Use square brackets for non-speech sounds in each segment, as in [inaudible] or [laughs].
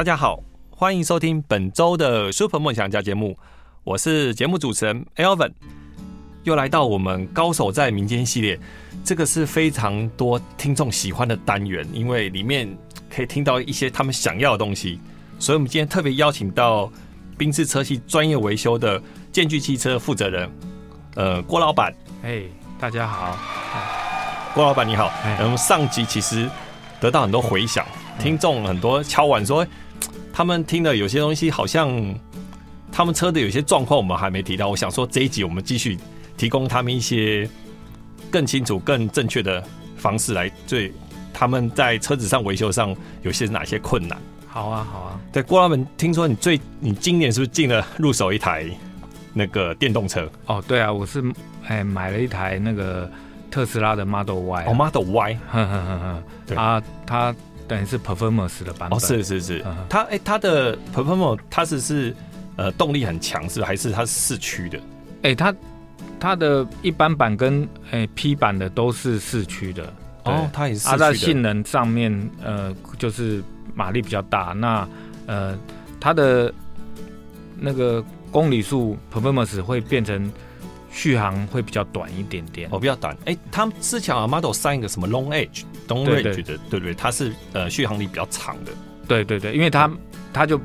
大家好，歡迎收聽本周的《Super 夢想家》節目，我是節目主持人 Alven，又來到我們“高手在民間”系列，這個是非常多聽眾喜歡的單元，因為裡面可以聽到一些他們想要的東西，所以我們今天特別邀請到賓士車系專業維修的健駒汽車負責人，呃，郭老板。哎、hey，大家好，郭老板你好。hey. 我們上集其實得到很多回響，聽眾很多敲碗說。他們聽了有些東西好像，他們車的有些狀況我們還沒提到。我想說這一集我們繼續提供他們一些更清楚、更正確的方式來，最他們在車子上維修上有些哪些困難？好啊，好啊。對，郭老闆，聽說你最你今年是不是進了入手一台那個電動車？哦，對啊，我是哎買了一台那個特斯拉的 Model Y。哦、Oh，Model Y，哈哈哈哈，對啊，他。等於是 performance 的版本哦，是是是，它哎它的 performance 它是是呃動力很強勢，還是它是四驅的？哎、欸，它它的一般版跟哎、欸、P 版的都是四驅的哦，它也是。它、啊、在性能上面，呃，就是馬力比較大，那呃它的那個公里數 performance 會變成。續航會比較短一點點，哦，比較短。哎、欸，他們之前阿瑪多上一個什麼 Long Range，Long Range 對對東的，對不對？它是呃續航力比較長的。對對對，因為它、嗯、它就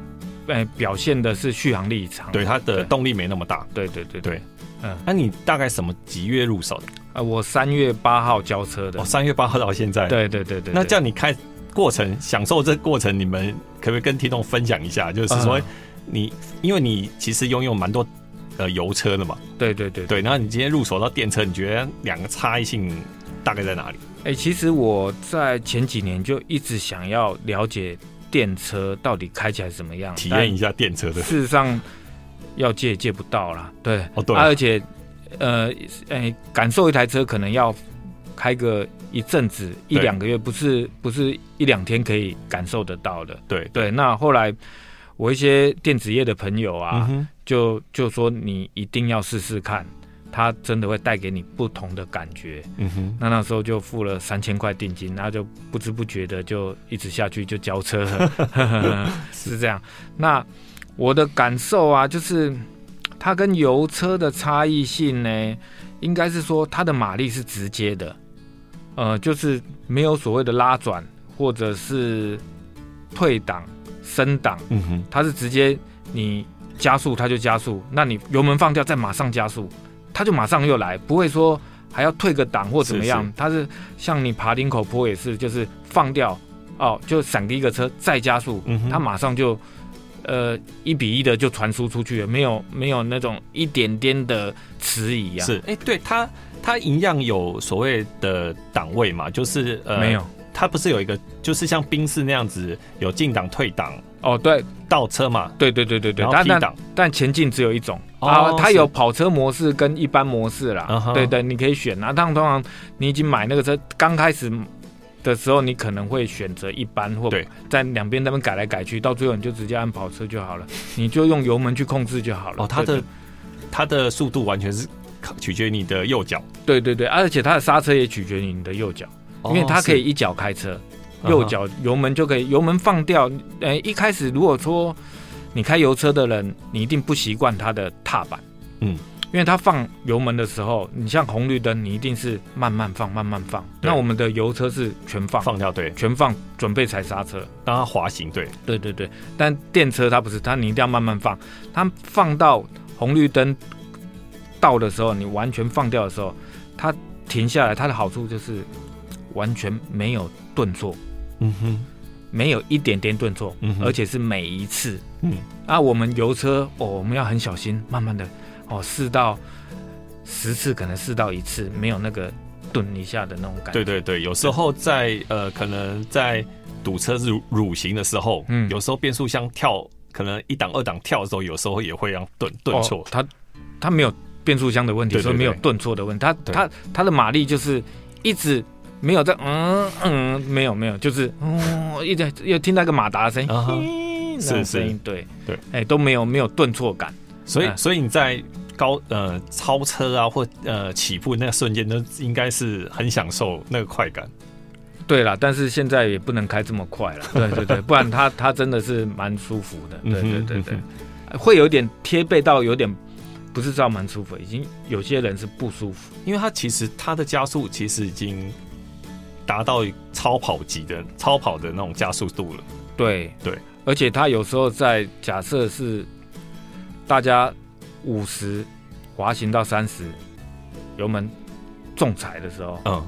呃表現的是續航力長，對它的動力沒那麼大。對對，對對對，對嗯，那、啊、你大概什麼幾月入手的？啊，我三月八號交車的，三、哦、月八號到現在。對，對對對對，那叫你開過程，享受這個過程，你們可不可以跟聽 T2 眾、嗯、分享一下？就是說你因為你其實擁有蠻多。呃，油車的嘛，對對對對，對，那你今天入手到電車，你覺得兩個差異性大概在哪裡？哎、欸，其實我在前幾年就一直想要了解電車到底開起來怎麼樣，體驗一下電車的。事實上，要借也借不到啦，對哦對、啊，而且呃，哎、欸，感受一台車可能要開個一陣子一兩個月，不是不是一兩天可以感受得到的，對對。那後來。我一些電子業的朋友啊，嗯、就就說，你一定要試試看，它真的會帶給你不同的感覺。嗯哼，那那時候就付了三千塊定金，然後就不知不覺的就一直下去就交車了， [laughs] 是這樣。那我的感受啊，就是它跟油車的差異性呢，應該是說它的馬力是直接的，呃，就是沒有所謂的拉轉或者是退檔。升檔，它是直接你加速它就加速，嗯，那你油門放掉再馬上加速，它就馬上又來，不會說還要退個檔或怎麼樣，是是，它是像你爬林口坡也是，就是放掉哦就閃一個車再加速，嗯哼，它馬上就呃一比一的就傳輸出去了，沒有沒有那種一點點的遲疑啊。是，哎、欸，對它它一樣有所謂的檔位嘛，就是呃沒有。它不是有一個，就是像賓士那樣子有進檔退檔哦，對倒車嘛，對對對對對。然後 P 檔，但前進只有一種、哦。啊，它有跑車模式跟一般模式啦。對，對對，你可以選當、啊、然通常你已經買那個車剛開始的時候，你可能會選擇一般或對在兩邊那邊改來改去，到最後你就直接按跑車就好了，你就用油門去控制就好了。哦，它的對對對它的速度完全是取決於你的右腳。對對對，啊、而且它的剎車也取決於你的右腳。因為它可以一腳開車，右腳油門就可以油門放掉。誒，一開始如果說你開油車的人，你一定不習慣它的踏板，嗯，因為它放油門的時候，你像紅綠燈，你一定是慢慢放，慢慢放。那我們的油車是全放放掉，對，全放準備踩剎車，當它滑行，對，對對對，對。但電車它不是，它你一定要慢慢放，它放到紅綠燈到的時候，你完全放掉的時候，它停下來，它的好處就是。完全沒有頓挫，嗯哼，沒有一點點頓挫，嗯，而且是每一次，嗯，啊，我們油車哦，我們要很小心，慢慢的哦，試到十次，可能試到一次，沒有那個頓一下的那種感覺，對對對。有時候在呃，可能在堵車是蠕行的時候，嗯，有時候變速箱跳，可能一檔二檔跳的時候，有時候也會讓頓頓挫，它，哦，它沒有變速箱的問題，對對對對，所以沒有頓挫的問題，它它它的馬力就是一直。沒有在嗯嗯，嗯沒有沒有就是嗯一又聽到一個馬達的聲音、 [laughs] 呃、是是，對對，哎都沒有沒有頓挫感，所以、啊、所以你在高呃超車啊或呃起步那個瞬間都應該是很享受那個快感。對啦，但是現在也不能開這麼快了，對對對，不然它它真的是蠻舒服的， [laughs] 對對對對、嗯嗯，會有點貼背到有點不是說蠻舒服，已經有些人是不舒服，因為它其實它的加速其實已經。達到超跑級的超跑的那種加速度了。對對，而且它有時候在假設是大家五十滑行到三十，油門重踩的時候，嗯，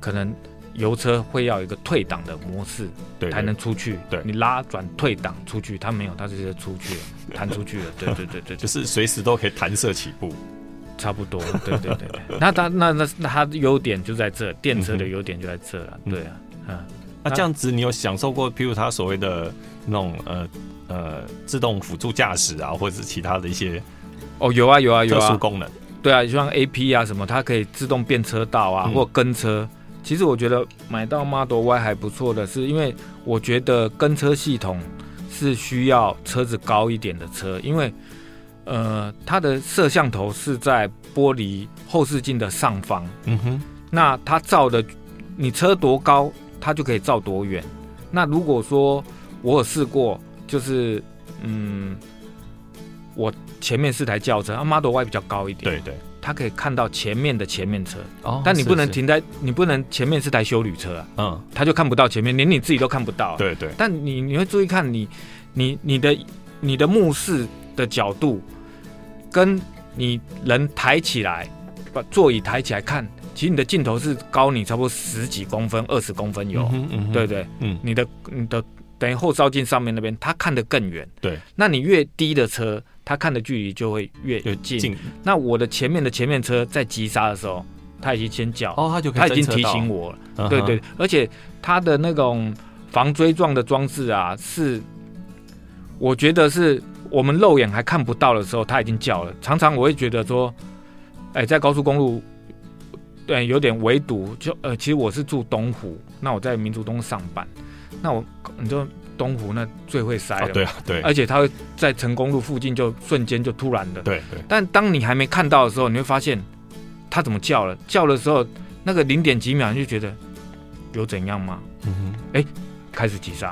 可能油車會要一個退檔的模式，對，對，對，才能出去。對，你拉轉退檔出去，它沒有，它直接出去了， [laughs] 彈出去了。對對對對，對，就是隨時都可以彈射起步。差不多，對對對，對那他那他那它優點就在這，電車的優點就在這了，嗯，對啊，嗯嗯，那這樣子，你有享受過，譬如他所謂的那種呃呃自動輔助駕駛啊，或者其他的一些，哦，有啊有啊有啊。特殊功能，啊，對啊，就像 AP 啊什麼，它可以自動變車道啊，嗯，或跟車。其實我覺得買到 Model Y 還不錯的是，因為我覺得跟車系統是需要車子高一點的車，因為。呃，它的攝像頭是在玻璃後視鏡的上方。嗯哼，那它照的你車多高，它就可以照多遠。那如果說我有試過，就是嗯，我前面是台轎車，阿、啊、Model Y 比較高一點，對對，它可以看到前面的前面車。哦，但你不能停在，是是你不能前面是台休旅車、啊，嗯，它就看不到前面，連你自己都看不到、啊。對對，但你你會注意看你，你你的你的目視。的角度，跟你人抬起來，把座椅抬起來看，其實你的鏡頭是高你差不多十幾公分，二十公分有，嗯嗯，對不對，對？嗯，你的你的等於後照鏡上面那邊，他看得更遠。對，那你越低的車，他看的距離就會越近、近。那我的前面的前面車在急剎的時候，他已經先叫哦，他就他已經提醒我了。嗯、對，對對，而且它的那種防追撞的裝置啊，是我覺得是。我們肉眼還看不到的時候，他已經叫了。常常我會覺得說，哎，在高速公路，對，有點壅堵，就呃，其實我是住東湖，那我在民族東上班，那我你就東湖那最會塞的、哦、對、啊、對。而且它會在成功路附近就，就瞬間就突然的，對、對，但當你還沒看到的時候，你會發現他怎麼叫了？叫的時候，那個零點幾秒你就覺得有怎樣嗎？嗯哼，哎，開始急剎。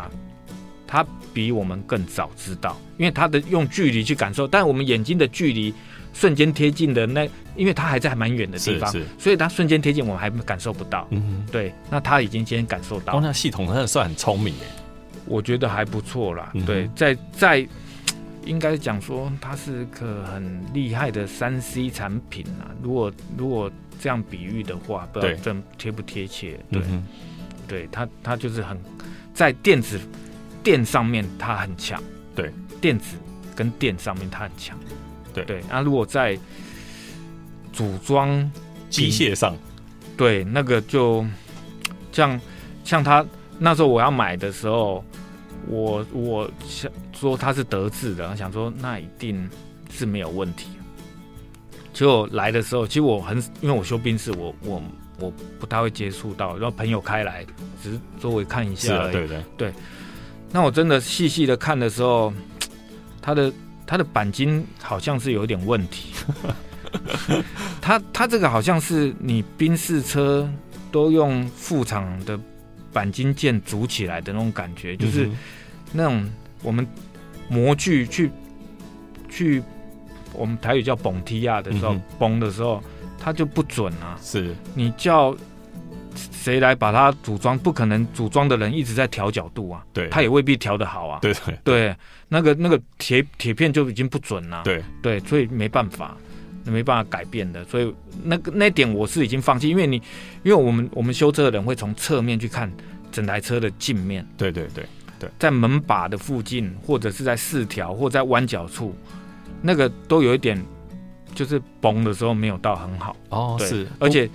他比我們更早知道，因為他的用距離去感受，但我們眼睛的距離瞬間貼近的那，因為他還在蠻遠的地方，所以他瞬間貼近我們還感受不到。嗯，對，那他已經先感受到。那系統真的算很聰明誒，我覺得還不錯啦，嗯。對，在在應該講說它是個很厲害的三 C 產品啊。如果如果這樣比喻的話，不知道這貼不貼切。對，嗯，對他他就是很在電子。電上面它很強，對電子跟電上面它很強，對對。那、啊、如果在組裝機械上，對那個就像像他那時候我要買的時候，我我想說他是德製的，我想說那一定是沒有問題。結果來的時候，其實我很因為我修賓士，我我我不太會接觸到，然後朋友開來只是周圍看一下而已、啊，對對對。那我真的細細的看的時候，它的它的鈑金好像是有點問題。 [laughs] 它它這個好像是你賓士車都用副廠的鈑金件組起來的那種感覺，就是那種我們模具去、嗯、去我們台語叫“崩踢亞”的時候，崩、嗯、的時候它就不準啊。是你叫。誰來把它組裝？不可能組裝的人一直在調角度啊，對，他也未必調得好啊，對對，對，對。那個那個鐵鐵片就已經不準了，對對，所以沒辦法，沒辦法改變的。所以那個那點我是已經放棄，因為你因為我們我們修車的人會從側面去看整台車的鏡面，對對對，對，在門把的附近或者是在飾條或者在彎角處，那個都有一點就是崩的時候沒有到很好哦對，是，而且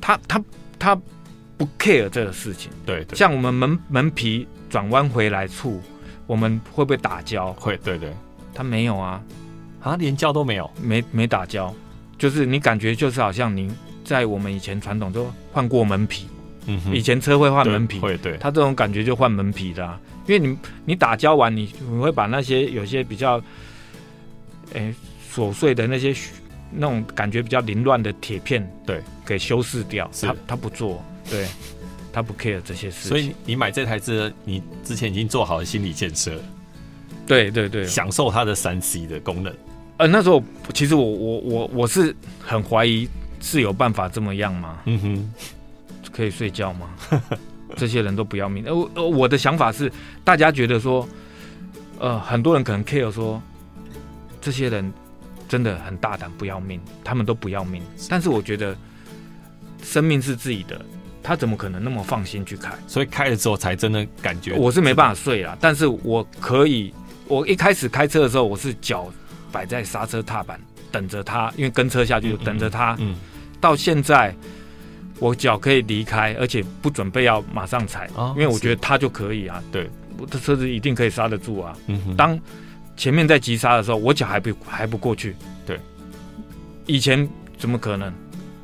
他它。他不 care 這個事情，對，對,對，像我們門門皮轉彎回來處，我們會不會打膠？會，對對，他沒有啊，啊，連膠都沒有，沒沒打膠，就是你感覺就是好像您在我們以前傳統就換過門皮，嗯哼，以前車會換門皮，會，對他這種感覺就換門皮的，啊，對對對，因為你你打膠完你，你你會把那些有些比較，欸、瑣碎的那些那種感覺比較凌亂的鐵片，對。給修飾掉，他他不做，對，他不 care 這些事。所以你買這台車，這個，你之前已經做好了心理建設。對對對，享受它的三 C 的功能。呃，那時候其實我我我我是很懷疑，是有辦法這麼樣嗎？嗯哼，可以睡覺嗎？ [laughs] 這些人都不要命。呃呃，我的想法是，大家覺得說，呃，很多人可能 care 說，這些人真的很大膽不要命，他們都不要命。是，但是我覺得。生命是自己的，他怎麼可能那麼放心去開？所以開了之後才真的感覺我是沒辦法睡啦。但是我可以，我一開始開車的時候我是腳擺在剎車踏板，等着他，因為跟車下去、嗯、就等着他。嗯。到現在，我腳可以離開，而且不準備要馬上踩，哦、因為我覺得他就可以啊。對，我的車子一定可以剎得住啊。嗯哼。當前面在急剎的時候，我腳還不還不過去。對，以前怎麼可能？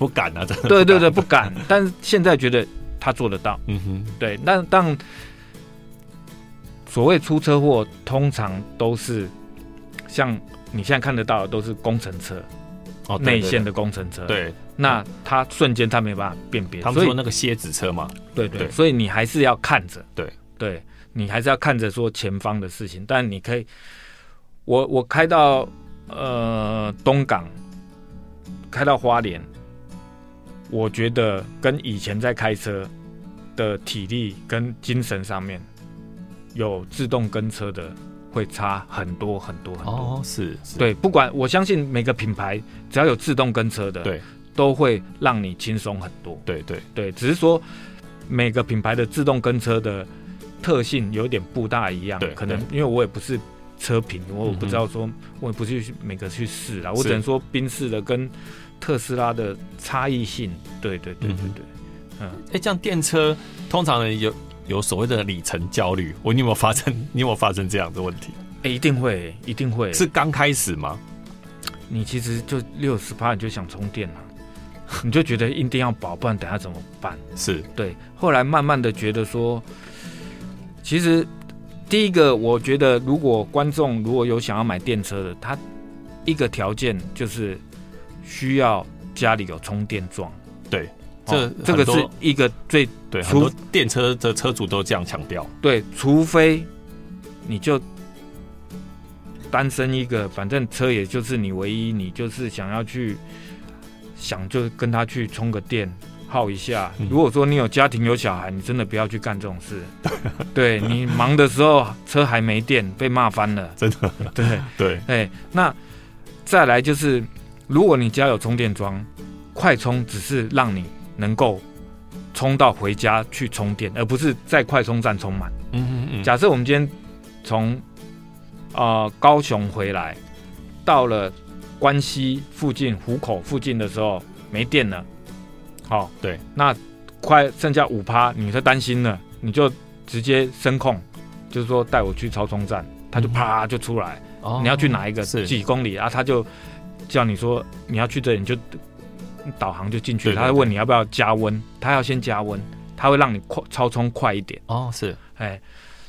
不敢啊不敢。對對對，不敢。 [laughs] 但是現在覺得他做得到。嗯哼，對。但但所謂出車禍，通常都是像你現在看得到的，都是工程車哦，內線的工程車。對，對，對，對。那他瞬間他沒辦法辨別。他們說那個蠍子車嘛。對對，對，對。所以你還是要看着。對對，你還是要看着說前方的事情。但你可以，我我開到呃東港，開到花蓮。我覺得跟以前在開車的體力跟精神上面有自動跟車的會差很多很多很多哦。哦，是，對，不管我相信每個品牌只要有自動跟車的，對，都會讓你輕鬆很多。對對對，對，只是說每個品牌的自動跟車的特性有點不大一樣，對，可能因為我也不是車評，我我不知道說我也不去每個去試啊，我只能說賓士的跟。特斯拉的差異性，對對對對對，嗯，哎、嗯欸，這樣電車通常有有所謂的里程焦慮，我你有沒有發生？你有沒有發生這樣的問題？哎、欸，一定會，一定會，是剛開始嗎？你其實就六十趴你就想充電了，你就覺得一定要保，不然等下怎麼辦？是對，後來慢慢的覺得說，其實第一個，我覺得如果觀眾如果有想要買電車的，他一個條件就是。需要家裡有充電樁，對，這、哦、這個是一個最除對。很多電車的車主都這樣強調，對，除非你就單身一個，反正車也就是你唯一，你就是想要去想就跟他去充個電耗一下、嗯。如果說你有家庭有小孩，你真的不要去幹這種事。 [laughs] 對你忙的時候車還沒電，被罵翻了，真的。對對，哎、欸，那再來就是。如果你家有充電樁，快充只是讓你能夠充到回家去充電，而不是在快充站充滿。嗯嗯。假設我們今天從、呃、高雄回來，到了關西附近、湖口附近的時候沒電了，好、哦，對，那快剩下五趴，你是擔心了，你就直接聲控，就是說帶我去超充站，他就啪就出來、嗯。你要去哪一個？是、哦、幾公里啊？他就。叫你說你要去這裡，你就你導航就進去，他會問你要不要加溫，他要先加溫，他會讓你快超充快一點。哦，是，哎、欸，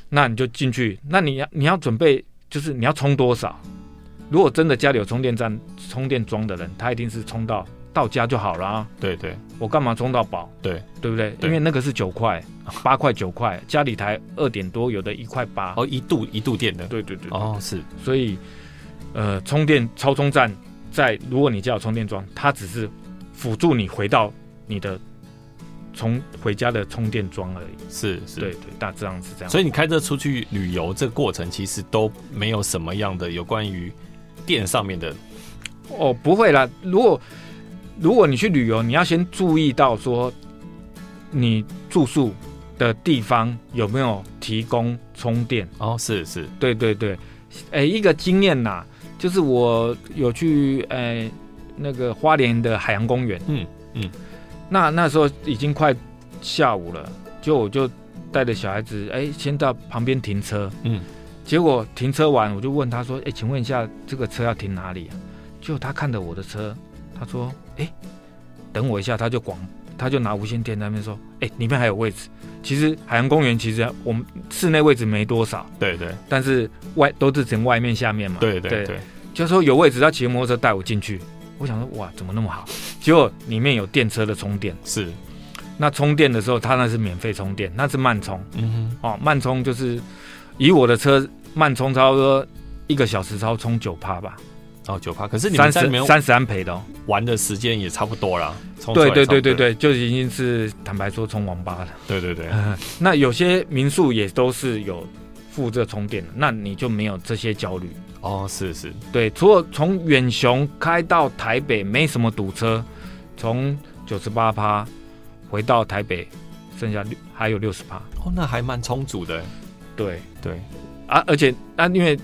那你就進去，那你要你要準備就是你要充多少？如果真的家裡有充電站、充電樁的人，他一定是充到到家就好了啊。對對，我幹嘛充到飽？對，對不對？對，因為那個是九塊、八塊、九塊，家裡台二點多有的，一塊八哦，一度一度電的。對對對，對，哦是，所以呃，充電超充站。在，如果你家有充電樁，它只是輔助你回到你的充回家的充電樁而已。是，是，對對，對，大致上是這樣，這樣。所以你開車出去旅遊，這個過程其實都沒有什麼樣的有關於電上面的。哦，不會啦。如果如果你去旅遊，你要先注意到說，你住宿的地方有沒有提供充電？哦，是是，對對對。哎、欸，一個經驗吶。就是我有去欸，那個花蓮的海洋公園。嗯嗯，那那時候已經快下午了，就我就帶着小孩子，欸，先到旁邊停車。嗯，結果停車完，我就問他說：“欸，請問一下，這個車要停哪裡啊？”就他看着我的車，他說：“欸，等我一下。”他就廣，他就拿無線電在那邊說：“欸，裡面還有位置。”其實海洋公園其實我們室內位置沒多少。對對對，但是外都是從外面下面嘛。對對對。對就是說有位置，他騎摩托車帶我進去。我想說，哇，怎麼那麼好？結果裡面有電車的充電，是。那充電的時候，他那是免費充電，那是慢充。嗯哼。哦，慢充就是以我的車慢充，差不多一個小時差不多，超充九趴吧。哦，九趴。可是你們是三十安培的哦，玩的時間也，也差不多了。對對對對對，就已經是坦白說充網吧了。對對對、對、呃。那有些民宿也都是有負責充電的，那你就沒有這些焦慮。哦，是是，對，除了從遠雄開到台北沒什麼堵車，從九十八趴回到台北，剩下六還有六十趴，哦，那還蠻充足的，對對，啊，而且那、啊、因為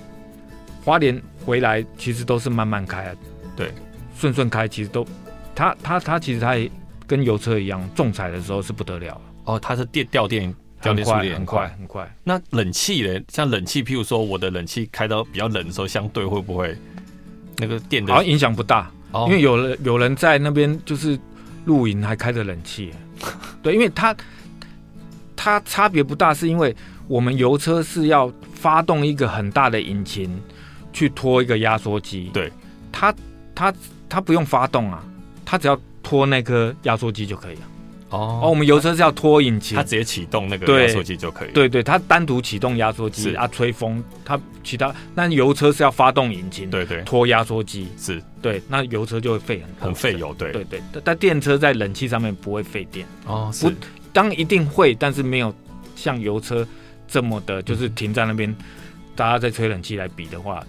花蓮回來其實都是慢慢開的，對，順順開，其實都，他他他其實他也跟油車一樣，重踩的時候是不得了，哦，他是電掉電。很快，很快，很快，很快。那冷氣呢？像冷氣，譬如說，我的冷氣開到比較冷的時候，相對會不會那個電的好影響不大，哦？因為有人有人在那邊就是露營，還開着冷氣，對，因為它它差別不大，是因為我們油車是要發動一個很大的引擎去拖一個壓縮機，對，它它它不用發動啊，它只要拖那個壓縮機就可以了。哦，哦，我們油車是要拖引擎，它直接啟動那個壓縮機就可以。對對，對，它單獨啟動壓縮機啊，吹風。它其他那油車是要發動引擎，對對，對，拖壓縮機是。對，那油車就會費很很費油對，對對對。但電車在冷氣上面不會費電哦，不，當然一定會，但是沒有像油車這麼的，就是停在那邊，大家在吹冷氣來比的話，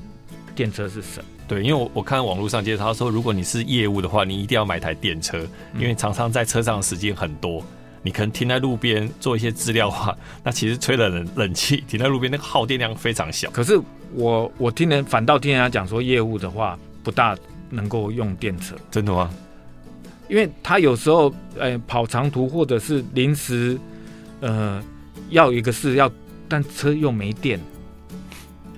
電車是省。對，因為我我看網絡上介紹他說，如果你是業務的話，你一定要買台電車，因為常常在車上的時間很多，你可能停在路邊做一些資料的話，那其實吹冷冷氣，停在路邊那個耗電量非常小。可是我我聽人反倒聽人家講說，業務的話不大能夠用電車，真的嗎？因為他有時候呃跑長途或者是臨時呃要一個事要，但車又沒電，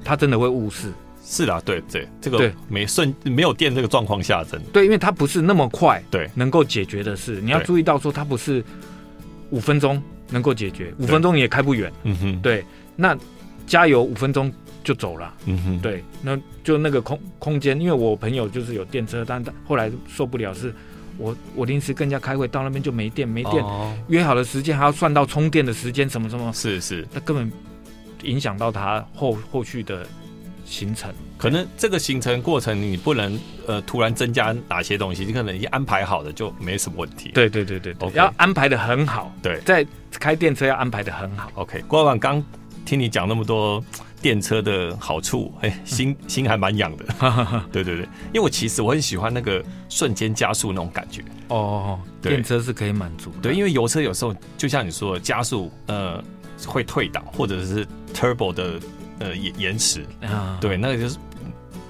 他真的會誤事。是的、啊，對對，這個沒對順沒有電這個狀況下，真的對，因為它不是那麼快，對，能夠解決的事。你要注意到說它不是五分鐘能夠解決，五分鐘也開不遠，嗯哼，對，那加油五分鐘就走了，嗯哼，對，那就那個空空間，因為我朋友就是有電車，但後來受不了，是我我臨時跟人家開會到那邊就沒電，沒電，哦、約好了時間還要算到充電的時間，什麼什麼，是是，那根本影響到他後後續的。行程，可能這個行程過程你不能，呃，突然增加哪些東西，你可能已經安排好了，就沒什麼問題。對對對對對，okay, 要安排的很好。對，在開電車要安排的很，很好。OK，郭老闆剛聽你講那麼多電車的好處，哎，心心還蠻癢的。 [laughs] 對對對，因為我其實我很喜歡那個瞬間加速那種感覺。 [laughs] 哦，對，電車是可以滿足對。對，因為油車有時候就像你說的，加速，呃，會退檔或者是 turbo 的。呃，延延遲啊，對，那個就是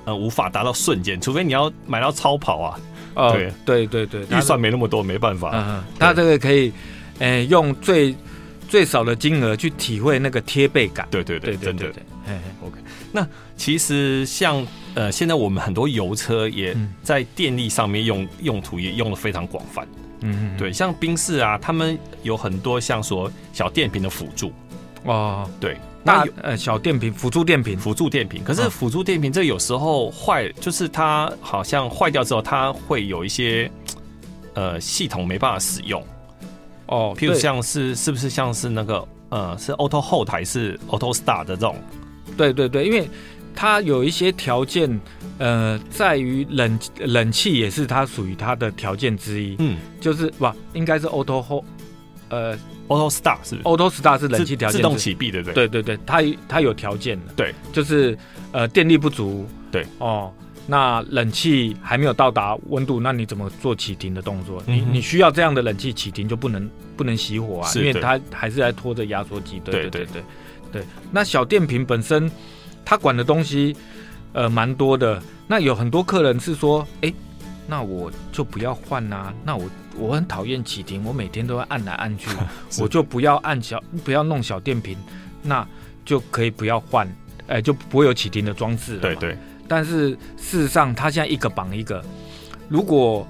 呃，無法達到瞬間，除非你要買到超跑啊，對、哦，對，對，對，對，對，預算沒那麼多，沒辦法啊。他這個可以，哎、欸，用最最少的金額去體會那個貼背感，對，對，對，對，對，對，對，對，對，對，對，對，OK。那其實像呃，現在我們很多油車也在電力上面用、嗯、用途也用的非常廣泛，嗯哼哼，對，像賓士啊，他們有很多像說小電瓶的輔助啊、哦，對。那呃，小電瓶輔助電瓶輔助電瓶，可是輔助電瓶這有時候壞、嗯，就是它好像壞掉之後，它會有一些呃系統沒辦法使用哦，譬如像是是不是像是那個呃是 auto hold 還是 auto start 的這種，對對對，因為它有一些條件呃在於冷冷氣也是它屬於它的條件之一，嗯，就是哇應該是 auto hold。呃，auto start 是不是？auto start 是冷氣條件自，自動啟閉，對不對？對對對，它它有條件的。對，就是呃電力不足，對哦。那冷氣還沒有到達溫度，那你怎麼做啟停的動作？嗯、你你需要這樣的冷氣啟停就不能不能熄火啊，是，因為它還是在拖着壓縮機。對對對對對。那小電瓶本身它管的東西呃蠻多的，那有很多客人是說，哎，那我就不要換啦、啊，那我。我很討厭啟停，我每天都會按來按去， [laughs] 我就不要按小，不要弄小電瓶，那就可以不要換，哎、欸，就不會有啟停的裝置了。對，對對，但是事實上，它現在一個綁一個，如果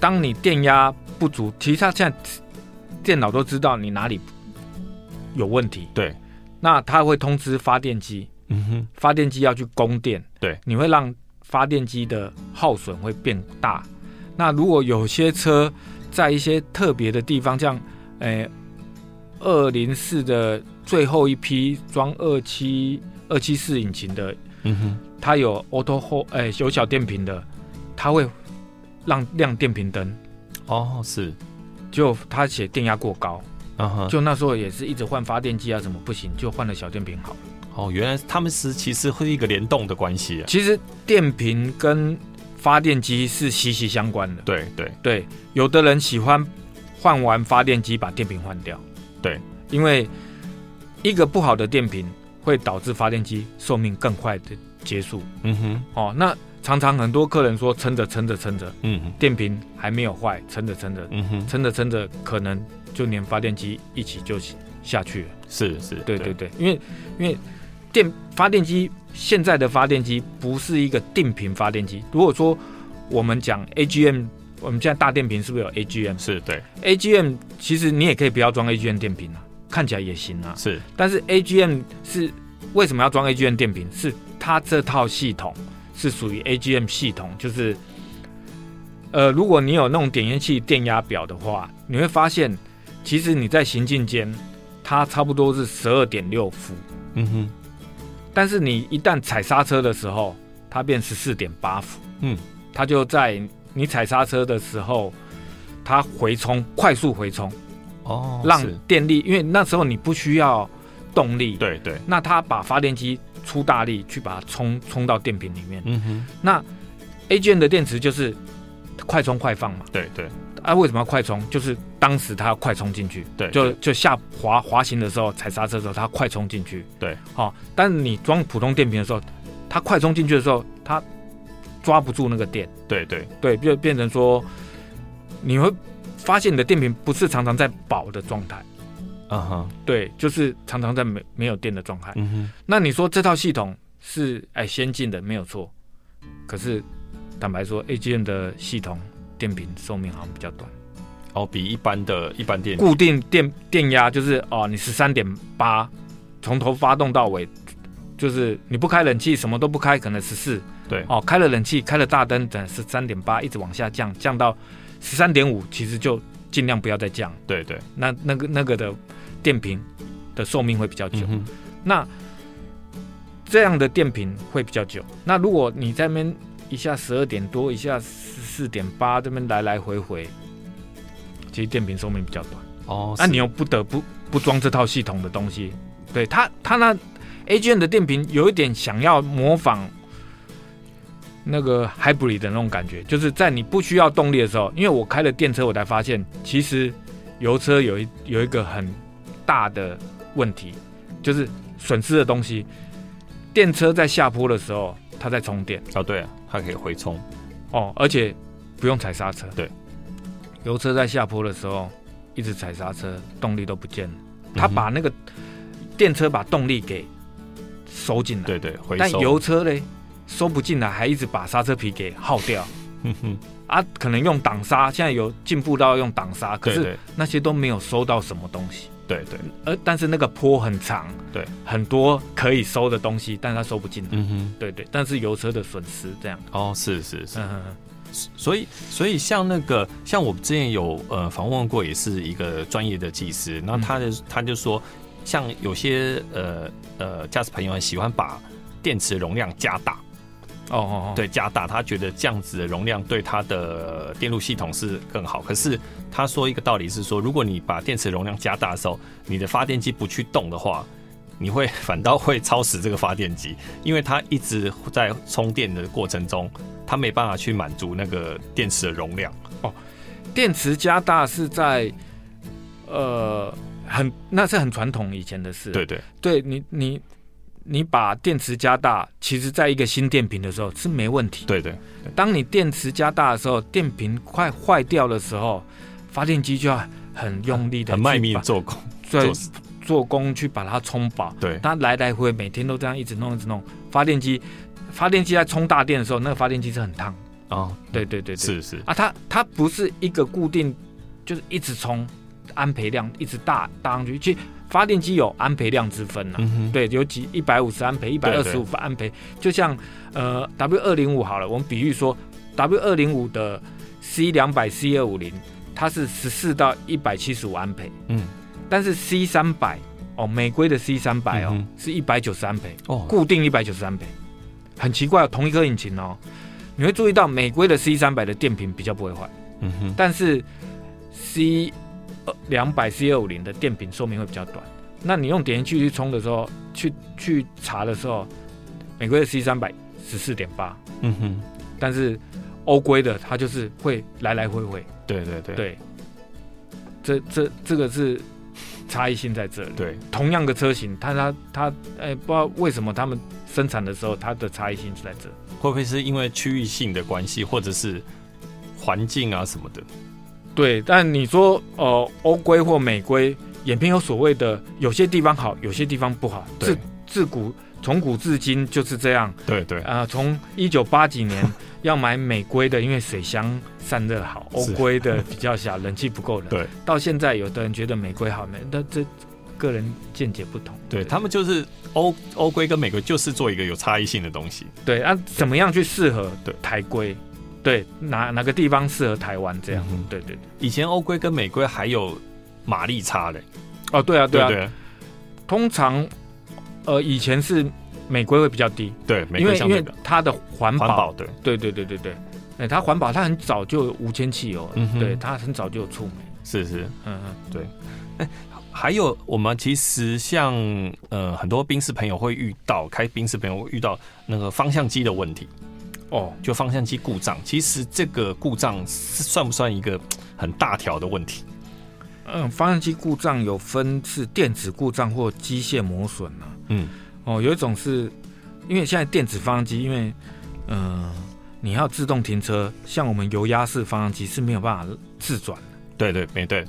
當你電壓不足，其實它現在電腦都知道你哪裡有問題，對，那它會通知發電機，嗯哼，發電機要去供電，對，你會讓發電機的耗損會變大。那如果有些車在一些特別的地方，像誒二零四的最後一批裝二七二七四引擎的，嗯哼，它有 auto 後、欸、誒有小電瓶的，它會讓亮電瓶燈。哦，是，就它寫電壓過高、uh-huh。就那時候也是一直換發電機啊，什麼不行，就換了小電瓶好哦，原來他們是其實是會是一個聯動的關係。啊，其實電瓶跟發電機是息息相關的，對對對，有的人喜歡換完發電機把電瓶換掉，對，因為一個不好的電瓶會導致發電機壽命更快的結束。嗯哼，哦，那常常很多客人說撐着撐着撐着，嗯哼，電瓶還沒有壞，撐着撐着，嗯哼，撐着撐着可能就連發電機一起就下去了。是是，對對對，對對因為因為電發電機。現在的發電機不是一個定頻發電機。如果說我們講 AGM，我們現在大電瓶是不是有 AGM？嗯，是，對。AGM 其實你也可以不要裝 AGM 電瓶啊，看起來也行啊。是。但是 AGM 是為什麼要裝 AGM 電瓶？是它這套系統是屬於 AGM 系統，就是呃，如果你有那種點煙器電壓表的話，你會發現其實你在行進間它差不多是十二點六伏。嗯哼。但是你一旦踩剎車的時候，它變十四點八伏，嗯，它就在你踩剎車的時候，它回充，快速回充，哦，讓電力，因為那時候你不需要動力，對對、對，那它把發電機出大力去把它充充到電瓶裡面，嗯哼，那 AGN 的電池就是快充快放嘛，對對、對。啊，為什麼要快充？就是當時它要快充進去，對，就就下滑滑行的時候踩剎車的時候，它快充進去，對，好、哦。但是你裝普通電瓶的時候，它快充進去的時候，它抓不住那個電，對對對，就變成說，你會發現你的電瓶不是常常在飽的狀態，啊、uh-huh. 對，就是常常在沒沒有電的狀態。嗯哼，那你說這套系統是哎、欸、先進的沒有錯，可是坦白說 AGM 的系統。電瓶壽命好像比較短，哦，比一般的一般電固定電電壓就是哦，你十三點八，從頭發動到尾，就是你不開冷氣，什麼都不開，可能十四，對，哦，開了冷氣，開了大燈，等十三點八一直往下降，降到十三點五，其實就盡量不要再降，對對，那那個那個的電瓶的壽命會比較久，嗯、那這樣的電瓶會比較久。那如果你在那邊一下十二點多，一下十。四點八這邊來來回回，其實電瓶壽命比較短哦。那、oh, 你又不得不不裝這套系統的東西。對它，它那 AGM 的電瓶有一點想要模仿那個 Hybrid 的那種感覺，就是在你不需要動力的時候，因為我開了電車，我才發現其實油車有一有一個很大的問題，就是損失的東西。電車在下坡的時候，它在充電哦，oh, 對，啊，它可以回充。哦，而且不用踩剎車。對，油車在下坡的時候一直踩剎車，動力都不見了。他把那個電車把動力給收進來。對對，回收。但油車嘞收不進來，還一直把剎車皮給耗掉。哼、嗯、哼，啊，可能用擋剎，現在有進步到用擋剎，可是那些都沒有收到什麼東西。對對，呃，但是那個坡很長，對，很多可以收的東西，但是它收不進來。嗯對對，但是油車的損失這樣。哦，是是是，嗯，所以，所以像那個，像我們之前有呃訪問過，也是一個專業的技師，那，嗯、他的他就說，像有些呃呃駕駛朋友們喜歡把電池容量加大。哦哦哦，對，加大，他覺得這樣子的容量對他的電路系統是更好。可是他說一個道理是說，如果你把電池容量加大的時候，你的發電機不去動的話，你會反倒會超時這個發電機，因為它一直在充電的過程中，它沒辦法去滿足那個電池的容量。哦，電池加大是在呃很，那是很傳統以前的事。對對，對，對你你。你你把電池加大，其實在一個新電瓶的時候是沒問題。對對。對，當你電池加大的時候，電瓶快壞掉的時候，發電機就要很用力的、很賣命的做工，做做，做工去把它充飽。對。它來來回回，每天都這樣一直弄一直弄。發電機，發電機在充大電的時候，那個發電機是很燙。哦，對對對，對是是。啊，它它不是一個固定，就是一直充安培量一直大大上去，其發電機有安培量之分吶、啊嗯，對，有幾一百五十安培，一百二十五安培，對對對，就像呃 W 二零五好了，我們比喻說 W 二零五的 C 兩百 C 二五零，它是十四到一百七十五安培，嗯，但是 C 三百哦，美規的 C 三百哦，嗯、是一百九十安培，哦，固定一百九十安培，很奇怪，哦，同一個引擎哦，你會注意到美規的 C 三百的電瓶比較不會壞，嗯哼，但是 C。呃，兩百 C 二五零的電瓶壽命會比較短。那你用點菸器去充的時候，去去查的時候，每個月 C 三百十四點八，嗯哼，但是歐規的它就是會來來回回。對對對。對，這這這個是差異性在這裡。對，同樣的車型，它它它，哎、欸，不知道為什麼他們生產的時候，它的差異性是在這裡。會不會是因為區域性的關係，或者是環境啊什麼的？對，但你說呃，歐規或美規，也片有所謂的，有些地方好，有些地方不好。對自自古從古至今就是這樣。對對。啊、呃，從一九八幾年要買美規的， [laughs] 因為水箱散熱好；歐規的比較小，冷氣不夠冷。對。到現在，有的人覺得美規好美，但這個人見解不同。對,對他們就是歐歐規跟美規就是做一個有差異性的東西。對啊，怎麼樣去適合台規？對對對，哪哪個地方適合台灣這樣？嗯、對對，對以前歐規跟美規還有馬力差嘞。哦，對啊對啊對，對，對。通常，呃，以前是美規會比較低，對，美對因為因為它的環保，環保對，對對對對對對，哎、欸，它環保它，嗯，它很早就有無鉛汽油，嗯對，它很早就有觸媒，是是，嗯嗯，對。哎、欸，還有我們其實像呃很多賓士朋友會遇到，開賓士朋友遇到那個方向機的問題。哦，就方向機故障，其實這個故障算不算一個很大條的問題？嗯，方向機故障有分是電子故障或機械磨損呢、啊。嗯，哦，有一種是因為現在電子方向機，因為嗯、呃，你要自動停車，像我們油壓式方向機是沒有辦法自轉的。對，對對，沒對，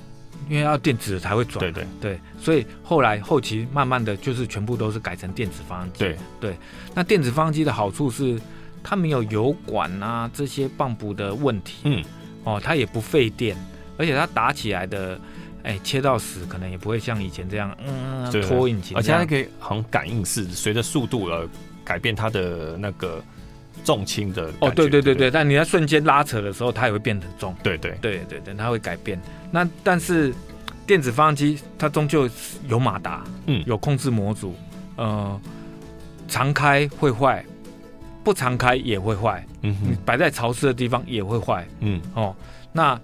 因為要電子才會轉。對對對，對，所以後來後期慢慢的就是全部都是改成電子方向機。對對，那電子方向機的好處是。它沒有油管啊，這些幫浦的問題。嗯，哦，它也不費電，而且它打起來的，哎、欸，切到死可能也不會像以前這樣，嗯，對對對，拖引擎。而且它可以很感應式，隨着速度而改變它的那個重輕的。哦，對對對對，對對對對對對，但你在瞬間拉扯的時候，它也會變得重。對對對對，對，對，等它會改變。那但是電子方向機它終究有馬達，嗯，有控制模組，呃，常開會壞。不常開也會壞，嗯哼，擺在潮濕的地方也會壞，嗯哦。那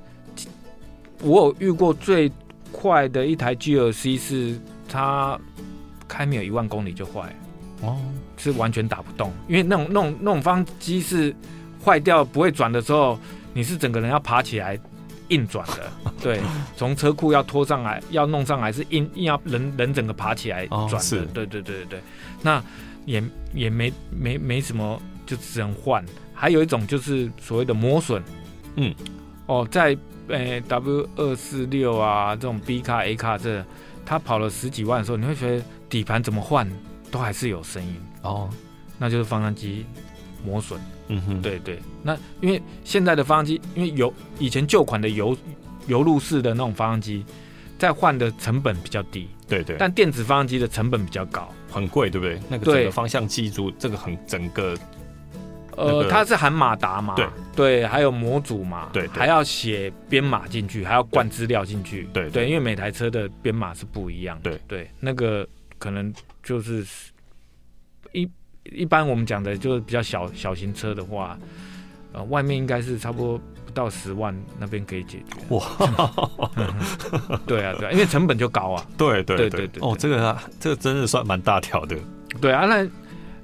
我有遇過最快的一台 GLC 是它開沒有一萬公里就壞，哦，是完全打不動。因為那種那種那種方向機是壞掉不會轉的時候，你是整個人要爬起來硬轉的， [laughs] 對，從車庫要拖上來要弄上來是硬硬要人人整個爬起來轉的，對、哦、對對對對。那也也沒沒沒什麼。就只能換，還有一種就是所謂的磨損，嗯，哦，在 W 二四六啊這種 B 卡 A 卡這個，它跑了十幾萬的時候，你會覺得底盤怎麼換都還是有聲音哦，那就是方向機磨損，嗯哼，對,對對，那因為現在的方向機，因為有以前舊款的油油路式的那種方向機，在換的成本比較低，對對,對，但電子方向機的成本比較高，很貴，對不對？那個這個方向機柱，這個很整個。呃、那個，它是含馬達嘛對？對，還有模組嘛？對，對,對，還要寫編碼進去，還要灌資料進去。對，對,對，對，因為每台車的編碼是不一樣的。對，對，那個可能就是一一般我們講的，就是比較小小型車的話，呃，外面應該是差不多不到十萬那邊可以解決。哇， [laughs] [laughs] 對啊，對啊，對啊，因為成本就高啊。對，對，對，對，對，對，哦，這個、啊、這個真的算蠻大條的。對啊，那。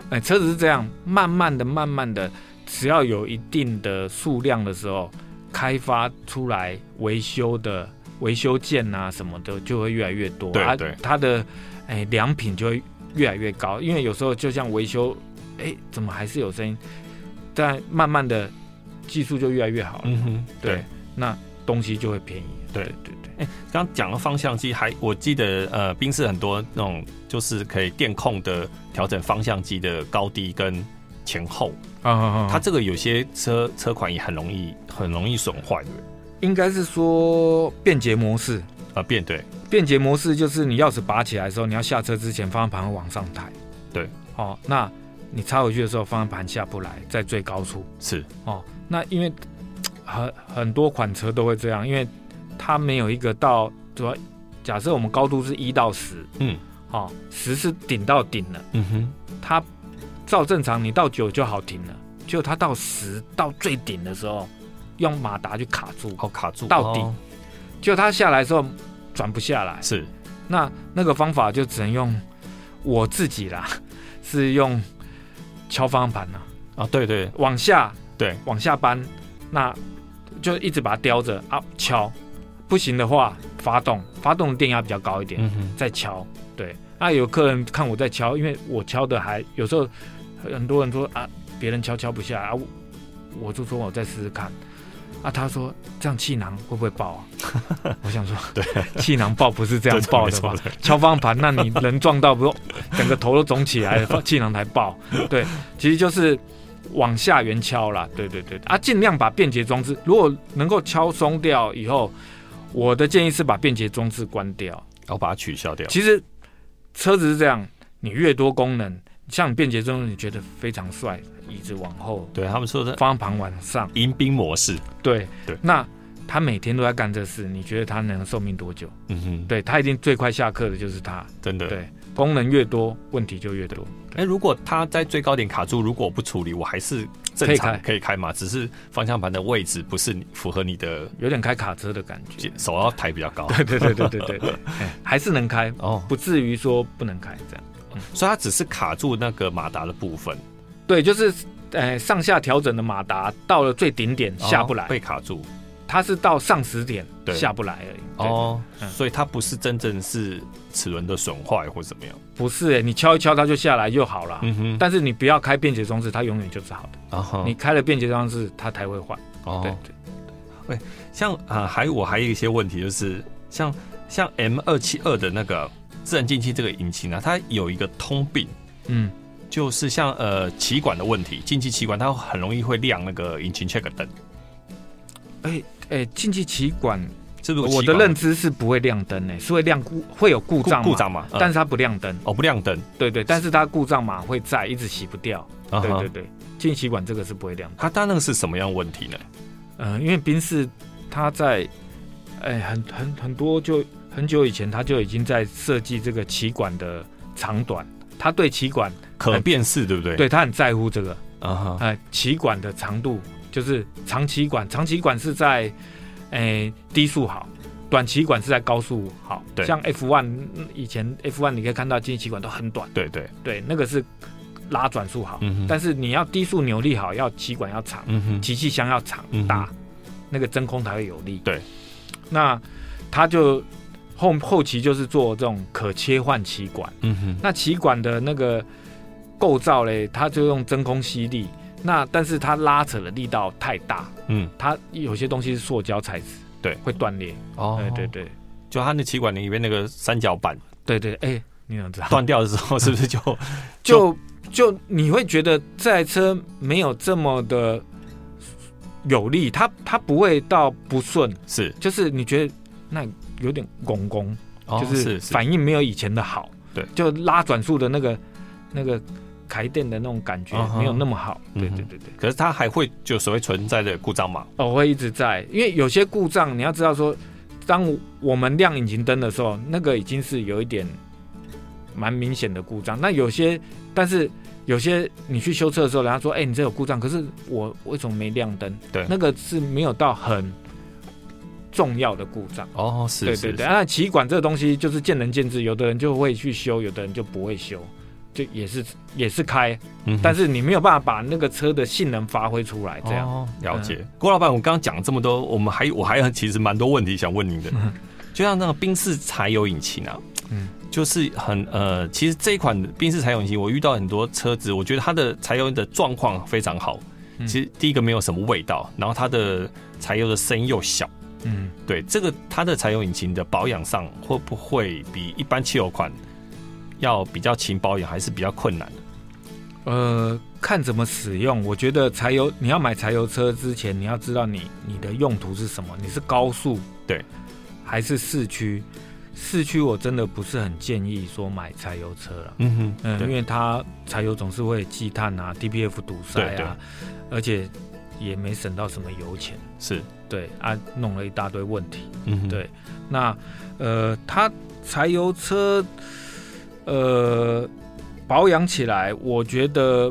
哎、欸，車子是這樣，慢慢的、慢慢的，只要有一定的數量的時候，開發出來維修的維修件啊什麼的就會越來越多，對、對，它、啊、它的、欸、良品就會越來越高。因為有時候就像維修，哎、欸，怎麼還是有聲音？再慢慢的技術就越來越好了，嗯哼對，對，那東西就會便宜，對對,對。哎、欸，剛剛講了方向機，還我記得呃，賓士很多那種就是可以電控的調整方向機的高低跟前後啊，啊，啊，它這個有些車車款也很容易很容易損壞的，應該是說便捷模式啊，變、呃、對便捷模式就是你鑰匙拔起來的時候，你要下車之前方向盤會往上抬，對，哦，那你插回去的時候方向盤下不來，在最高處是哦，那因為很很多款車都會這樣，因為。它沒有一個到主要，假設我們高度是一到十，嗯，好、哦，十是頂到頂了，嗯哼，它照正常你到九就好停了，就它到十到最頂的時候用馬達去卡住，好、哦、卡住到頂，就、哦、它下來的時候轉不下來，是，那那個方法就只能用我自己啦，是用敲方向盤吶、啊，啊、哦、對，對對，往下對往下扳，那就一直把它叼着啊敲。不行的話，發動，發動的電壓比較高一點、嗯哼，再敲，對。啊，有客人看我在敲，因為我敲的還有時候，很多人說，啊，別人敲敲不下啊我，我就說我再試試看。啊，他說這樣氣囊會不會爆啊？ [laughs] 我想說，對、啊，氣囊爆不是這樣爆的吧？敲方向盤，那你人撞到，不用整個頭都腫起來了， [laughs] 氣囊才爆。對，其實就是往下圓敲啦。對對對。啊，盡量把便捷裝置，如果能夠敲鬆掉以後。我的建議是把便捷裝置關掉，然、哦、後把它取消掉。其實車子是這樣，你越多功能，像你便捷裝置，你覺得非常帥，椅子往後。對他們說的，方向盤往上迎賓模式。對對，那他每天都在幹這事，你覺得他能壽命多久？嗯哼，對，他一定最快下課的就是他，真的。對，功能越多，問題就越多。哎、欸，如果他在最高點卡住，如果我不處理，我還是。可以開正常可以開嘛，只是方向盤的位置不是符合你的，有點開卡車的感覺，手要抬比較高。對對對對對對、 [laughs] 欸，還是能開哦，不至於說不能開這樣、嗯。所以它只是卡住那個馬達的部分。對，就是呃、欸、上下調整的馬達到了最頂點下不來、哦，被卡住。它是到上死點下不來而已，對對哦、嗯，所以它不是真正是齒輪的損壞或怎麼樣。不是哎、欸，你敲一敲它就下來就好了。嗯哼。但是你不要開便捷裝置，它永遠就是好的。啊哈。你開了便捷裝置，它才會換。哦、uh -huh.。對對對。欸、像啊，還、呃、我還有一些問題，就是像像 M 二七二的那個自然進氣這個引擎呢、啊，它有一個通病。嗯。就是像呃歧管的問題，進氣歧管它很容易會亮那個引擎 check 燈。哎、欸、哎，進氣歧管。是是我的認知是不會亮燈誒，是會亮故會有故障故，故障嘛，嗯、但是它不亮燈哦，不亮燈，對對，但是它故障碼會在一直洗不掉，啊、對對對，進氣管這個是不會亮、啊。它那個是什麼樣的問題呢？嗯、呃，因為賓士他在哎、欸、很很很多就很久以前他就已經在設計這個氣管的長短，他對氣管很可變式對不對？對，他很在乎這個啊哎氣、呃、管的長度就是長氣管，長氣管是在。誒，低速好，短歧管是在高速好，對，像 F1 以前 F1 你可以看到進氣歧管都很短，對對對，那個是拉轉速好，嗯，但是你要低速扭力好，要歧管要長，嗯哼，集氣箱要長、嗯、大，那個真空才會有力。對，那他就後後期就是做這種可切換歧管，嗯哼，那歧管的那個構造嘞，他就用真空吸力。那但是它拉扯的力道太大，嗯，它有些東西是塑膠材質，對，會斷裂。哦，對對對，就它那氣管裡面那個三角板，對對，對，哎、欸，你怎麼知道？斷掉的時候是不是就 [laughs] 就就你會覺得這台車沒有這麼的有力？它它不會到不順，是，就是你覺得那有點拱拱、哦，就是反應沒有以前的好，對，就拉轉速的那個那個。台電的那種感覺沒有那麼好，uh -huh. 對對對對。可是它還會就所謂存在的故障嗎？哦，會一直在，因為有些故障你要知道說，當我們亮引擎燈的時候，那個已經是有一點蠻明顯的故障。那有些，但是有些你去修車的時候，人家說，哎、欸，你這有故障，可是我為什麼沒亮燈？對，那個是沒有到很重要的故障。哦、oh，是，對對對。是是是啊、那汽車這個東西就是見仁見智，有的人就會去修，有的人就不會修。就也是也是開、嗯，但是你沒有辦法把那個車的性能發揮出來。這樣、哦、了解，郭老闆，我剛剛講這麼多，我們還我還有其實蠻多問題想問您的。就像那個賓士柴油引擎啊，嗯，就是很呃，其實這一款賓士柴油引擎，我遇到很多車子，我覺得它的柴油的狀況非常好。其實第一個沒有什麼味道，然後它的柴油的聲音又小。嗯，對，這個它的柴油引擎的保養上會不會比一般汽油款？要比較勤保養還是比較困難的。呃，看怎麼使用。我覺得柴油，你要買柴油車之前，你要知道你你的用途是什麼。你是高速對，還是市區？市區我真的不是很建議說買柴油車了。嗯哼，嗯、呃，因為它柴油總是會積碳啊，DPF 堵塞啊，對對對，而且也沒省到什麼油錢。是，對啊，弄了一大堆問題。嗯，對。那呃，它柴油車。呃，保養起來，我覺得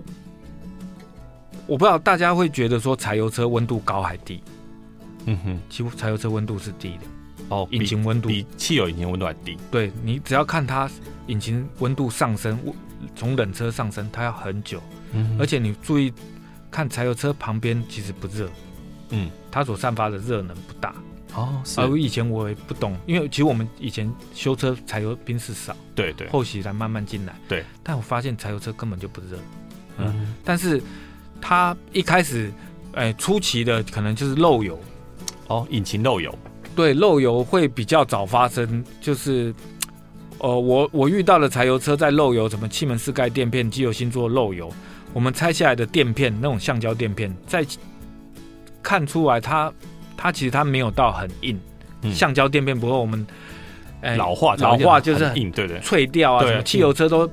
我不知道大家會覺得說柴油車溫度高還低？嗯哼，其實柴油車溫度是低的，哦，引擎溫度比，比汽油引擎溫度還低。對，你只要看它引擎溫度上升，從冷車上升，它要很久。嗯，而且你注意看柴油車旁邊其實不熱，嗯，它所散發的熱能不大。哦、啊，我以前我也不懂，因為其實我們以前修車柴油賓士少，對對，後期才慢慢進來，對。但我發現柴油車根本就不熱，嗯，但是它一開始，哎，初期的可能就是漏油，哦，引擎漏油，對，漏油會比較早發生，就是，哦、呃，我我遇到了柴油車在漏油，什麼氣門室蓋墊片、機油芯座漏油，我們拆下來的墊片那種橡膠墊片，在看出來它。它其實它沒有到很硬，嗯、橡膠墊片不會我們、呃、老化老化就是很、啊、很硬，對對，脆掉啊。對，汽油車都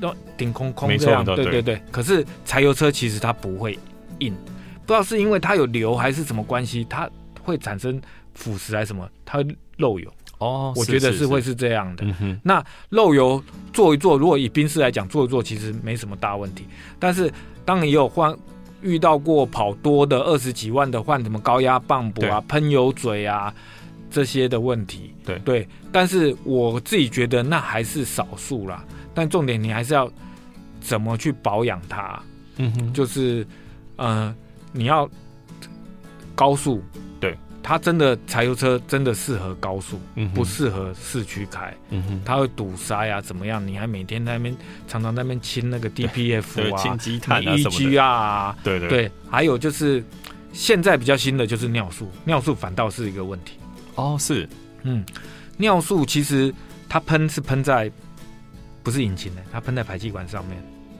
都頂空空這樣對對對，對對對。可是柴油車其實它不會硬，嗯、不知道是因為它有硫還是什麼關係，它會產生腐蝕還是什麼，它漏油。哦，我覺得是會是這樣的。是是是，那漏油做一做，如果以賓士來講，做一做其實沒什麼大問題。但是當你有換。遇到過跑多的二十幾萬的換什麼高壓泵，啊、補啊噴油嘴啊這些的問題，對對，但是我自己覺得那還是少數啦。但重點你還是要怎麼去保養它，嗯哼，就是、呃、你要高速。它真的柴油車真的適合高速，嗯、不適合市區開，它會堵塞呀、啊，怎麼樣？你還每天在那邊常常在那邊清那個 DPF 啊、清積碳、啊、的。EGR 啊，對對對,對，還有就是現在比較新的就是尿素，尿素反倒是一個問題哦，是，嗯，尿素其實它噴是噴在不是引擎的，它噴在排氣管上面。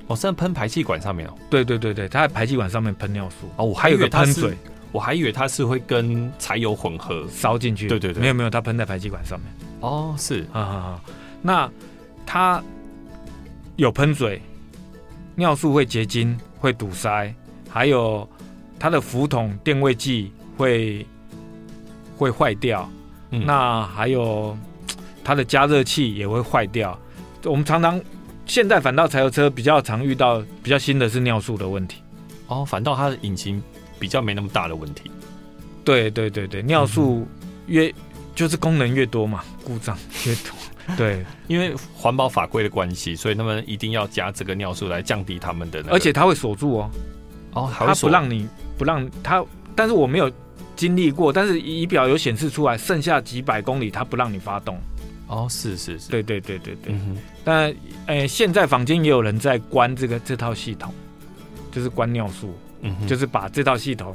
哦，是噴排氣管上面哦。對對對對，它在排氣管上面噴尿素。哦，我還,還有一個噴嘴。我還以為它是會跟柴油混合燒進去，對對對，沒有沒有，它噴在排氣管上面。哦，是啊啊啊！那它有噴嘴，尿素會結晶，會堵塞，還有它的浮筒電位器會會壞掉。嗯、那還有它的加熱器也會壞掉。我們常常現在反倒柴油車比較常遇到比較新的是尿素的問題。哦，反倒它的引擎。比較沒那麼大的問題，對對對對，尿素越、嗯、就是功能越多嘛，故障越多。 [laughs] 對，因為環保法規的關係，所以他們一定要加這個尿素來降低他們的、那個。而且它會鎖住哦，哦，它不讓你不讓他，但是我沒有經歷過，但是儀表有顯示出來，剩下幾百公里它不讓你發動。哦，是是是，對對對對對。嗯、但誒、欸，現在房間也有人在關這個這套系統，就是關尿素。就是把這套系統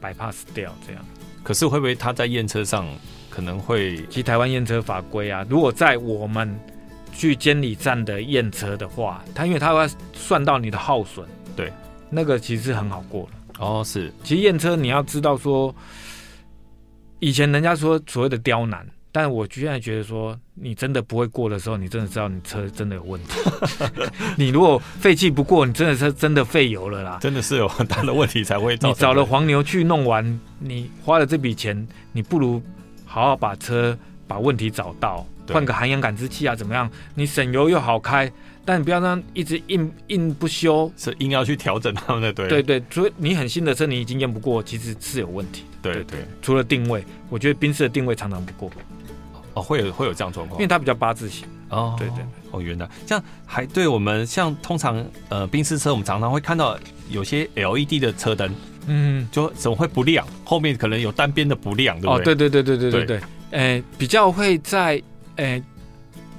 bypass 掉，這樣。可是會不會他在驗車上可能會？其實台灣驗車法規啊，如果在我們去監理站的驗車的話，他因為他要算到你的耗損，對，那個其實很好過。哦，是。其實驗車你要知道說，以前人家說所謂的刁難。但我居然覺得說，你真的不會過的時候，你真的知道你車真的有問題。 [laughs] 你如果廢氣不過，你真的是真的廢油了啦。真的是有很大的問題才會造成。你找了黃牛去弄完，你花了這筆錢，你不如好好把車把問題找到，換個含氧感知器啊，怎麼樣？你省油又好開，但你不要讓一直硬硬不修，是硬要去調整他們的，對對對。所以你很新的車你已經驗不過，其實是有問題的。對對，對，對，除了定位，我覺得賓士的定位常常不過。哦，會有會有這樣狀況，因為它比較八字形哦，對對，哦，原來，像還對我們像通常呃，賓士車我們常常會看到有些 LED 的車燈，嗯，就怎麼會不亮？後面可能有單邊的不亮，對不對？哦，對對對對對對對，對誒，比較會在誒，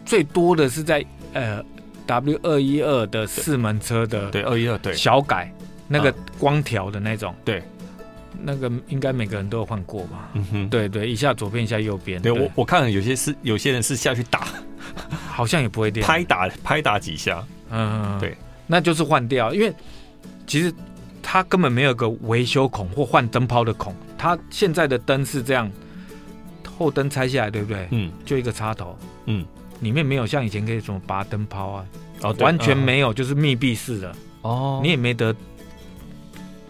最多的是在呃 W 二一二的四門車的對 22, 對，對，二一二對小改、嗯、那個光條的那種，對。那個應該每個人都有換過吧？嗯哼，對對，一下左邊一下右邊。對，對我我看了有些是有些人是下去打， [laughs] 好像也不會掉，拍打拍打幾下，嗯，對，那就是換掉。因為其實它根本沒有一個維修孔或換燈泡的孔。它現在的燈是這樣，後燈拆下來對不對？嗯，就一個插頭，嗯，裡面沒有像以前可以怎麼拔燈泡啊，哦，對，完全沒有，嗯，就是密閉式的哦，你也沒得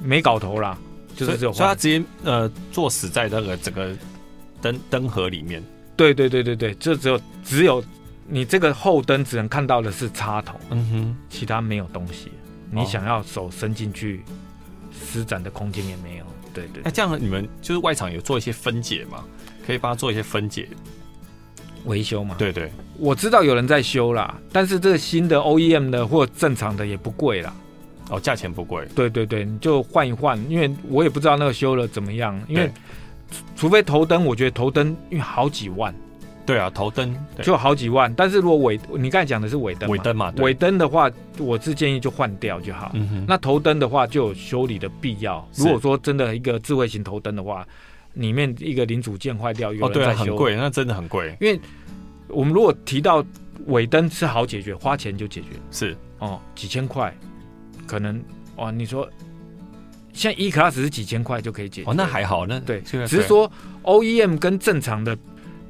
沒搞頭啦。就是這種，所以他直接呃坐死在那個整個燈燈盒裡面。對對對對對，就只有只有你這個後燈只能看到的是插頭，嗯哼，其他沒有東西，哦、你想要手伸進去施展的空間也沒有。對對，對，那這樣你們就是外廠有做一些分解嘛？可以幫他做一些分解維修嘛？對，對對，我知道有人在修啦，但是這個新的 OEM 的或正常的也不貴啦。哦，價錢不貴，對對對，你就換一換，因為我也不知道那個修了怎麼樣，因為除非頭燈，我覺得頭燈因為好幾萬，對啊，頭燈就好幾萬，但是如果尾你剛才講的是尾燈，尾燈嘛，尾燈的話，我是建議就換掉就好。嗯哼，那頭燈的話就有修理的必要。如果說真的一個智慧型頭燈的話，裡面一個零組件壞掉有人，哦，對啊，很貴，那真的很貴。因為我們如果提到尾燈是好解決，花錢就解決，是哦，幾千塊。可能哦，你說像 E-Class 只是幾千塊就可以解決，哦、那還好呢。對，只是說 OEM 跟正常的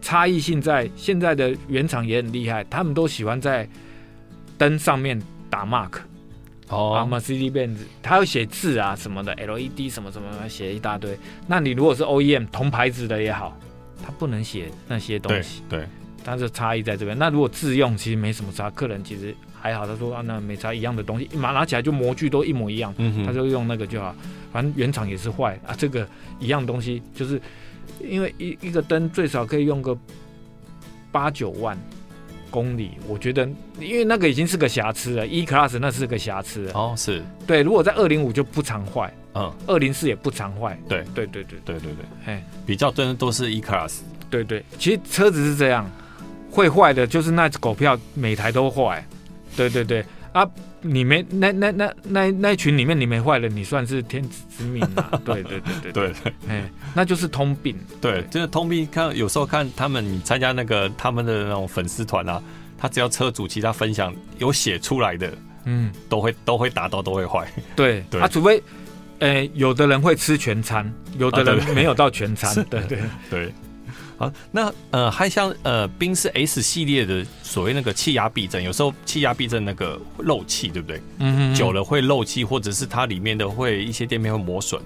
差異性在現在的原廠也很厲害，他們都喜歡在燈上面打 mark 哦，啊嘛 CD bands 他要寫字啊什麼的，LED 什麼什麼寫一大堆。那你如果是 OEM 同牌子的也好，他不能寫那些東西，對，對但是差異在這邊。那如果自用其實沒什麼差，客人其實。還好，他說啊，那沒差一樣的東西，一拿拿起來就模具都一模一樣，嗯哼，他就用那個就好。反正原廠也是壞啊，這個一樣東西，就是因為一一個燈最少可以用個八九萬公里，我覺得，因為那個已經是個瑕疵了，E-class 那是個瑕疵哦，是對，如果在二零五就不常壞，嗯，二零四也不常壞，對對對對對對對，哎，比較真的都是 E-class，對，對對，其實車子是這樣，會壞的就是那狗票，每台都壞。對對對啊！你沒那那那那那群裡面你沒壞人，你算是天子之命啊！對 [laughs] 對對對對，哎， [laughs] 那就是通病。對，對就是通病。看有時候看他們你參加那個他們的那種粉絲團啊，他只要車主其他分享有寫出來的，嗯，都會都會達到都會壞。對，對啊對，除非哎、欸，有的人會吃全餐，有的人沒有到全餐。對、啊、對對。對那呃，還像呃，賓士 S 系列的所謂那個氣壓避震，有時候氣壓避震那個漏氣，對不對？嗯嗯，久了會漏氣，或者是它裡面的會一些墊片會磨損，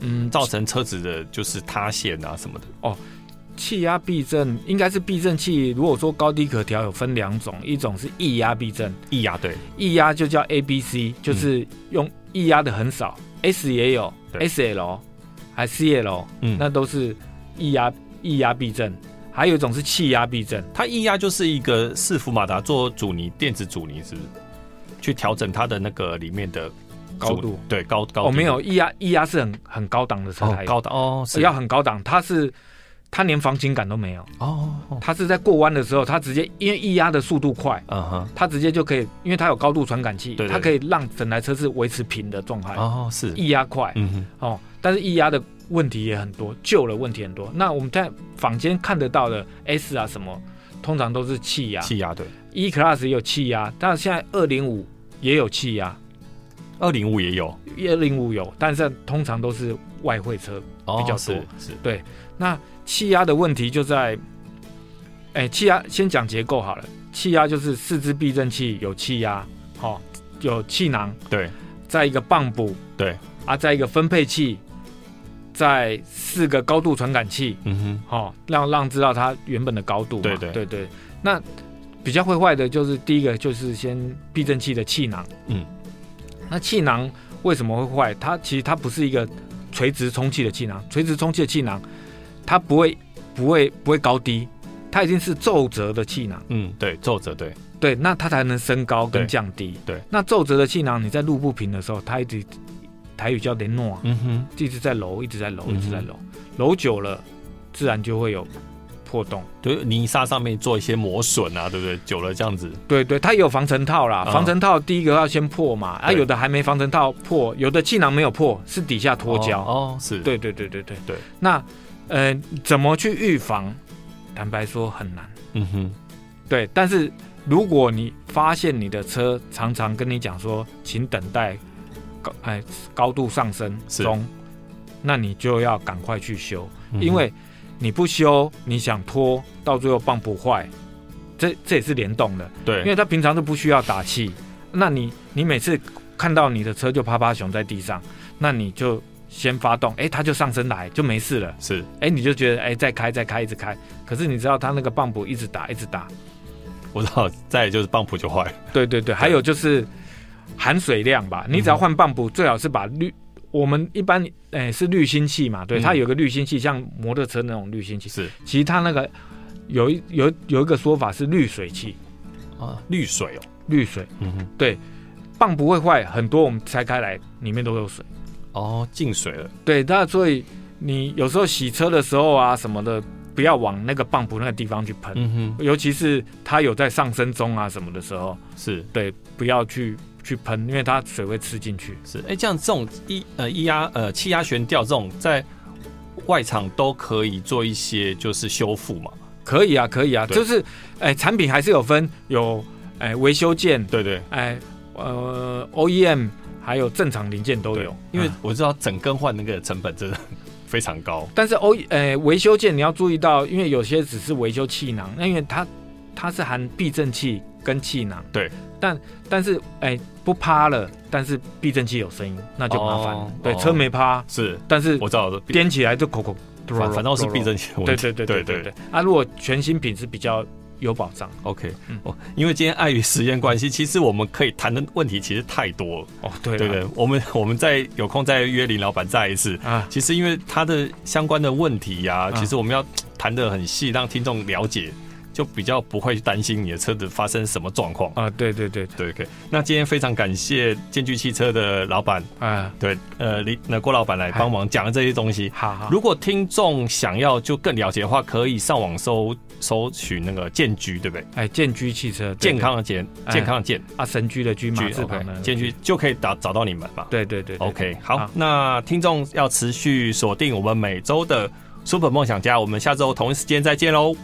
嗯，造成車子的就是塌陷啊什麼的。哦，氣壓避震應該是避震器，如果說高低可調，有分兩種，一種是液壓避震，液壓對，液壓就叫 A B C，就是用液壓的很少，嗯，S 也有 S L 還 C L，嗯，那都是液壓。液壓避震，還有一種是氣壓避震。它液壓就是一個伺服馬達做阻尼，電子阻尼是不是？去調整它的那個裡面的高度，對高高哦，沒有液壓，液壓是很很高檔的車台，哦，高檔哦，只要很高檔，它是它連防傾桿都沒有哦，哦，哦。它是在過彎的時候，它直接因為液壓的速度快，嗯哼，它直接就可以，因為它有高度傳感器，對對對，它可以讓整台車是維持平的狀態哦。是液壓快，嗯哼哦，但是液壓的。問題也很多，舊了問題很多。那我們在坊間看得到的 S 啊什麼，通常都是氣壓。氣壓對，E Class 也有氣壓，但現在二零五也有氣壓，二零五也有，二零五有，但是通常都是外匯車比較多、哦是。是，對。那氣壓的問題就在，哎、欸，氣壓先講結構好了。氣壓就是四支避震器有氣壓、哦，有氣囊，對，再一個泵浦對，啊，再一個分配器。在四個高度傳感器，嗯哼，好、哦、讓讓知道它原本的高度，對對對對。那比較會壞的就是第一個，就是先避震器的氣囊，嗯，那氣囊為什麼會壞？它其實它不是一個垂直充氣的氣囊，垂直充氣的氣囊它不會不會不會高低，它一定是皺褶的氣囊，嗯，對，皺褶，對對，那它才能升高跟降低，對，對，那皺褶的氣囊你在路不平的時候，它一直。台語叫雷諾、嗯哼，一直在揉，一直在揉，一直在揉，揉久了自然就會有破洞，對泥沙上面做一些磨損啊，對不對？久了這樣子，對對，它有防塵套啦，嗯、防塵套第一個要先破嘛，啊，有的還沒防塵套破，有的氣囊沒有破，是底下脫膠哦，哦，是，對對對對對對。那呃，怎麼去預防？坦白說很難，嗯哼，對。但是如果你發現你的車常常跟你講說，請等待。哎，高度上升中，那你就要趕快去修，嗯，因為你不修，你想拖到最後幫浦壞，這這也是聯動的。對，因為他平常都不需要打氣，那你你每次看到你的車就啪啪熊在地上，那你就先發動，哎、欸，它就上升來，就沒事了。是，哎、欸，你就覺得哎、欸，再開再開一直開，可是你知道他那個幫浦一直打一直打，我知道，再就是幫浦就壞對對對，對，還有就是。含水量吧，你只要換泵浦，最好是把濾、嗯。我們一般誒、欸、是濾芯器嘛，對，嗯、它有個濾芯器，像摩托車那種濾芯器。是，其實它那個有有有一個說法是濾水器，啊，濾水哦，濾水，嗯哼，對，泵不會壞，很多我們拆開來裡面都有水，哦，進水了，對，那所以你有時候洗車的時候啊什麼的。不要往那個泵浦那個地方去噴、嗯，尤其是它有在上升中啊什麼的時候，是對，不要去去噴，因為它水會吃進去。是，哎、欸，這樣這種一、e, 呃液壓、ER, 呃氣壓懸吊這種，在外場都可以做一些就是修復嘛？可以啊，可以啊，就是哎、欸、產品還是有分有哎維、欸、修件，對對，對，哎、欸、呃 O E M 還有正常零件都有，因為、嗯、我知道整更換那個成本真的，非常高，但是哦，誒，維修件你要注意到，因為有些只是維修氣囊，那因為它它是含避震器跟氣囊，對，但但是哎，不趴了，但是避震器有聲音，那就麻煩了，對，車沒趴是，但是我知道，顛起來就口口，反反倒是避震器，對對對對對對，啊，如果全新品是比較。有保障，OK。哦，因為今天礙於時間關係，嗯，其實我們可以談的問題其實太多了。哦，對對對，我們我們再有空再約林老闆再一次。啊，其實因為他的相關的問題呀，啊啊，其實我們要談得很細，讓聽眾了解。就比較不會擔心你的車子發生什麼狀況啊！對對對對，對，那今天非常感謝健駒汽車的老闆啊，對，呃，那郭老闆來幫忙講的這些東西。好，好，如果聽眾想要就更了解的話，可以上網搜搜取那個健駒，對不對？哎、欸，健駒汽車，健康的健，健康的健、欸、啊，神駒的駒嘛、OK，健駒就可以打找到你們嘛。對對對，對，對，OK，好，好，那聽眾要持續鎖定我們每周的 Super 夢想家，我們下周同一時間再見嘍。